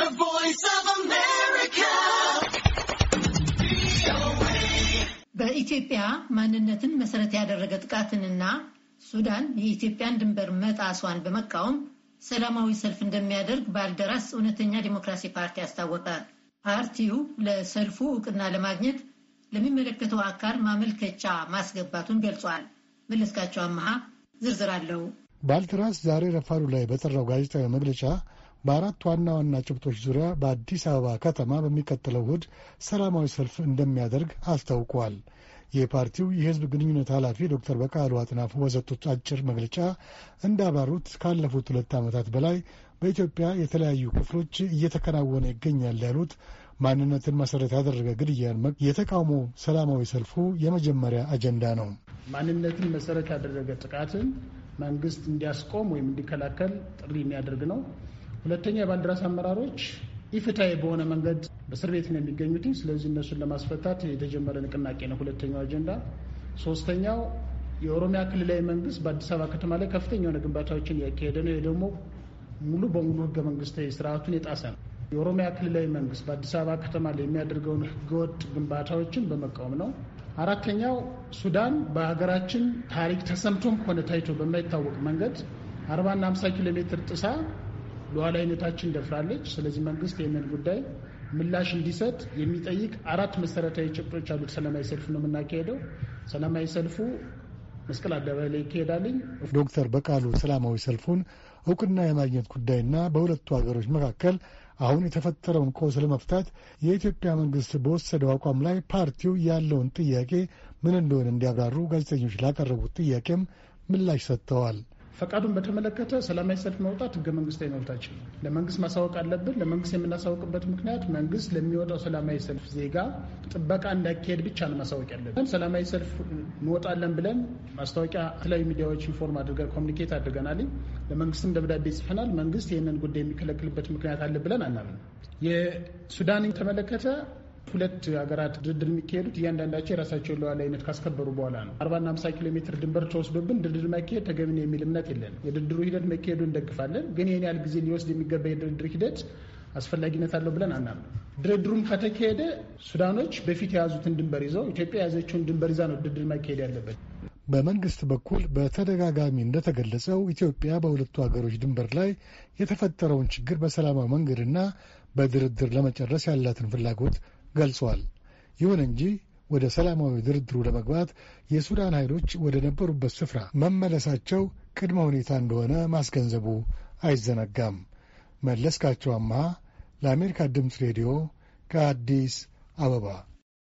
The Voice of America. በኢትዮጵያ ማንነትን መሰረት ያደረገ ጥቃትንና ሱዳን የኢትዮጵያን ድንበር መጣሷን በመቃወም ሰላማዊ ሰልፍ እንደሚያደርግ ባልደራስ እውነተኛ ዲሞክራሲ ፓርቲ አስታወቀ። ፓርቲው ለሰልፉ እውቅና ለማግኘት ለሚመለከተው አካል ማመልከቻ ማስገባቱን ገልጿል። መለስካቸው አመሃ ዝርዝር አለው። ባልደራስ ዛሬ ረፋዱ ላይ በጠራው ጋዜጣዊ መግለጫ በአራት ዋና ዋና ጭብጦች ዙሪያ በአዲስ አበባ ከተማ በሚቀጥለው እሁድ ሰላማዊ ሰልፍ እንደሚያደርግ አስታውቋል። የፓርቲው የህዝብ ግንኙነት ኃላፊ ዶክተር በቃሉ አጥናፉ በሰጡት አጭር መግለጫ እንዳብራሩት ካለፉት ሁለት ዓመታት በላይ በኢትዮጵያ የተለያዩ ክፍሎች እየተከናወነ ይገኛል ያሉት ማንነትን መሰረት ያደረገ ግድያን የተቃውሞ ሰላማዊ ሰልፉ የመጀመሪያ አጀንዳ ነው። ማንነትን መሰረት ያደረገ ጥቃትን መንግስት እንዲያስቆም ወይም እንዲከላከል ጥሪ የሚያደርግ ነው። ሁለተኛ የባንዲራ አመራሮች ኢፍትሐዊ በሆነ መንገድ በእስር ቤት ነው የሚገኙት። ስለዚህ እነሱን ለማስፈታት የተጀመረ ንቅናቄ ነው ሁለተኛው አጀንዳ። ሶስተኛው የኦሮሚያ ክልላዊ መንግስት በአዲስ አበባ ከተማ ላይ ከፍተኛ የሆነ ግንባታዎችን እያካሄደ ነው። ደግሞ ሙሉ በሙሉ ህገ መንግስታዊ ስርዓቱን የጣሰ ነው። የኦሮሚያ ክልላዊ መንግስት በአዲስ አበባ ከተማ ላይ የሚያደርገውን ህገወጥ ግንባታዎችን በመቃወም ነው። አራተኛው ሱዳን በሀገራችን ታሪክ ተሰምቶም ሆነ ታይቶ በማይታወቅ መንገድ አርባና አምሳ ኪሎ ሜትር ጥሳ ሉዓላዊነታችን ደፍራለች። ስለዚህ መንግስት ይህንን ጉዳይ ምላሽ እንዲሰጥ የሚጠይቅ አራት መሰረታዊ ጭብጦች አሉት። ሰላማዊ ሰልፍ ነው የምናካሄደው። ሰላማዊ ሰልፉ መስቀል አደባባይ ላይ ይካሄዳልኝ። ዶክተር በቃሉ ሰላማዊ ሰልፉን እውቅና የማግኘት ጉዳይና በሁለቱ ሀገሮች መካከል አሁን የተፈጠረውን ቀውስ ለመፍታት የኢትዮጵያ መንግስት በወሰደው አቋም ላይ ፓርቲው ያለውን ጥያቄ ምን እንደሆነ እንዲያብራሩ ጋዜጠኞች ላቀረቡት ጥያቄም ምላሽ ሰጥተዋል። ፈቃዱን በተመለከተ ሰላማዊ ሰልፍ መውጣት ህገ መንግስታዊ መብታችን ነው። ለመንግስት ማሳወቅ አለብን። ለመንግስት የምናሳወቅበት ምክንያት መንግስት ለሚወጣው ሰላማዊ ሰልፍ ዜጋ ጥበቃ እንዳካሄድ ብቻ ነው ማሳወቅ ያለብን። ሰላማዊ ሰልፍ እንወጣለን ብለን ማስታወቂያ የተለያዩ ሚዲያዎች ኢንፎርም አድርገን ኮሚኒኬት አድርገናል። ለመንግስትም ደብዳቤ ጽፈናል። መንግስት ይህንን ጉዳይ የሚከለክልበት ምክንያት አለ ብለን አናምን። የሱዳንን ተመለከተ ሁለት ሀገራት ድርድር የሚካሄዱት እያንዳንዳቸው የራሳቸውን ሉዓላዊነት ካስከበሩ በኋላ ነው። አርባና ሀምሳ ኪሎ ሜትር ድንበር ተወስዶብን ድርድር ማካሄድ ተገቢ ነው የሚል እምነት የለን። የድርድሩ ሂደት መካሄዱ እንደግፋለን፣ ግን ይህን ያህል ጊዜ ሊወስድ የሚገባ የድርድር ሂደት አስፈላጊነት አለው ብለን አናምንም። ድርድሩም ከተካሄደ ሱዳኖች በፊት የያዙትን ድንበር ይዘው ኢትዮጵያ የያዘችውን ድንበር ይዛ ነው ድርድር ማካሄድ ያለበት። በመንግስት በኩል በተደጋጋሚ እንደተገለጸው ኢትዮጵያ በሁለቱ ሀገሮች ድንበር ላይ የተፈጠረውን ችግር በሰላማዊ መንገድና በድርድር ለመጨረስ ያላትን ፍላጎት ገልጿል። ይሁን እንጂ ወደ ሰላማዊ ድርድሩ ለመግባት የሱዳን ኃይሎች ወደ ነበሩበት ስፍራ መመለሳቸው ቅድመ ሁኔታ እንደሆነ ማስገንዘቡ አይዘነጋም። መለስካቸው አምሃ ለአሜሪካ ድምፅ ሬዲዮ ከአዲስ አበባ